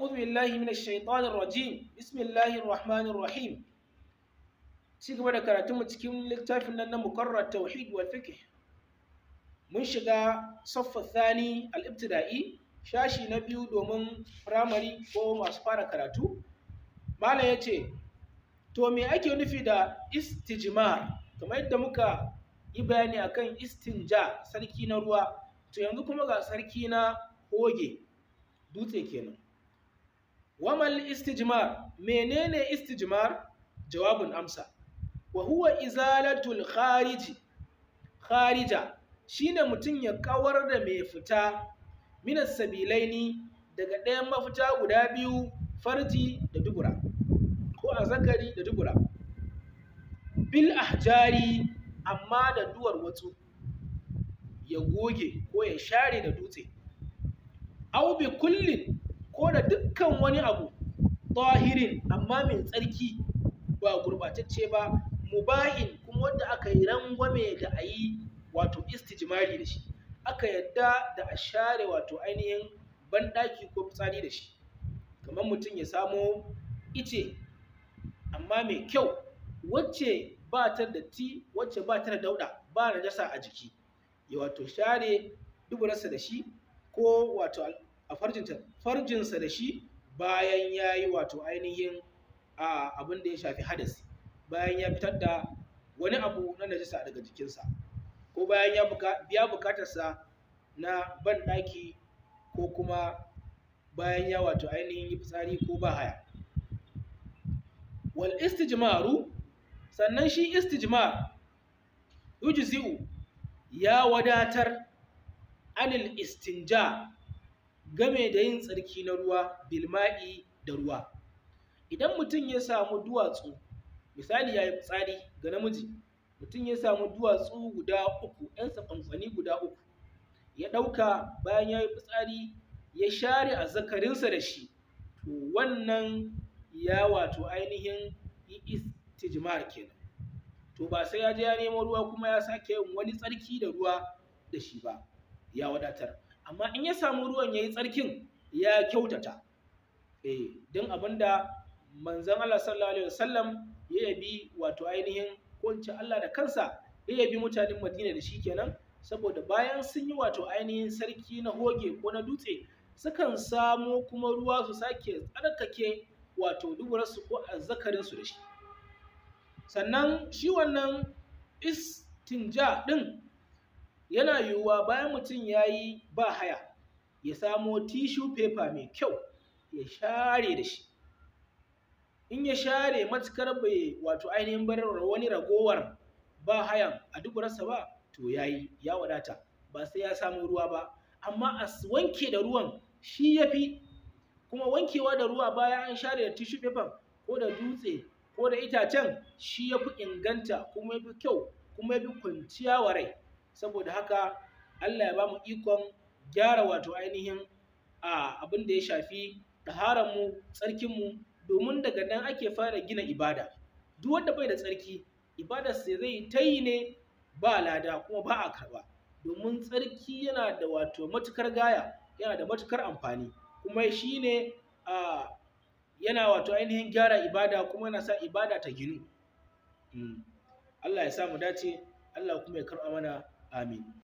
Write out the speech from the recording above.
أعوذ بالله من الشيطان الرجيم بسم الله الرحمن الرحيم cigaba da karatunmu cikin littafin nan na mukarrar tauhid wal fiqh mun shiga saffa thani al ibtida'i shashi na biyu domin primary ko masu fara karatu malam yace to me ake nufi da istijmar kamar yadda muka yi bayani akan istinja sarki na ruwa to yanzu kuma ga sarki na hoge dutse kenan wamal istijmar menene istijmar jawabun amsa wa huwa izalatul khariji kharija shine mutum ya kawar da mai fita minas sabilaini daga ɗayan mafita guda biyu farji da dubura ko a zakari da dubura bil ahjari amma da duwar wato. ya goge ko ya share da dutse au bi kullin kona dukkan wani abu tahirin amma mai tsarki ba gurbatacce ba mubahin kuma wanda aka yi rangwame da a yi wato istijmari da shi aka yadda da a share wato ainihin banɗaki ko fitsari da shi kamar mutum ya samo ice amma mai kyau wacce ba ta da ti wacce ba ta da dauɗa ba na dasa a jiki ya wato share duburarsa da shi ko wato a farjinta farjinsa da shi bayan ya yi wato ainihin abin da ya shafi hadasi bayan ya fitar da wani abu na najasa daga jikinsa ko bayan ya biya bukatarsa na ban banɗaki ko kuma bayan ya wato ainihin yi fitsari ko ba haya wal istijmaru sannan shi istijmar yujzi'u ya wadatar anil istinja game da yin tsarki na ruwa bilma'i da ruwa idan mutum ya samu duwatsu misali ya yi fitsari ga namiji mutum ya samu duwatsu guda uku ‘yan amfani guda uku ya ɗauka bayan ya yi fitsari ya share a da shi to wannan ya wato ainihin yi istijmar kenan to ba sai ya je ya nemo ruwa kuma ya sake yin wani tsarki da ruwa da shi ba ya wadatar amma in ya samu ruwan ya yi tsarkin ya kyautata eh don abinda manzon Allah sallallahu alaihi wasallam ya yabi wato ainihin kunci Allah da kansa ya yabi mutanen Madina da shi kenan saboda bayan sun yi wato ainihin sarki na hoge ko na dutse sukan samo kuma ruwa su sake tsarkake wato duburarsu ko azzakarinsu da shi sannan shi wannan istinja ɗin yana yiwuwa bayan mutum ya yi ba haya ya samo tishu fefa mai kyau ya share da shi in ya share matukar bai wato ainihin bar wani ragowar ba hayan a duk rasa ba to ya yi ya wadata ba sai ya samu ruwa ba amma a wanke da ruwan shi ya fi kuma wankewa da ruwa bayan an share da tishu paper ko da dutse ko da itacen shi ya fi inganta kuma ya fi kyau kuma ya fi kwanciya wa rai saboda haka Allah ya bamu ikon gyara wato ainihin a abin da ya shafi ɗaharanmu tsarkinmu domin daga nan ake fara gina ibada duk wanda bai da tsarki ibadar sai zai ta yi ne ba lada kuma ba a karba domin tsarki yana da wato matukar gaya yana da matukar amfani kuma shi ne yana wato ainihin gyara ibada kuma yana sa ibada ta ginu hmm. Allah ya sa mu dace Allah kuma ya karɓa mana amin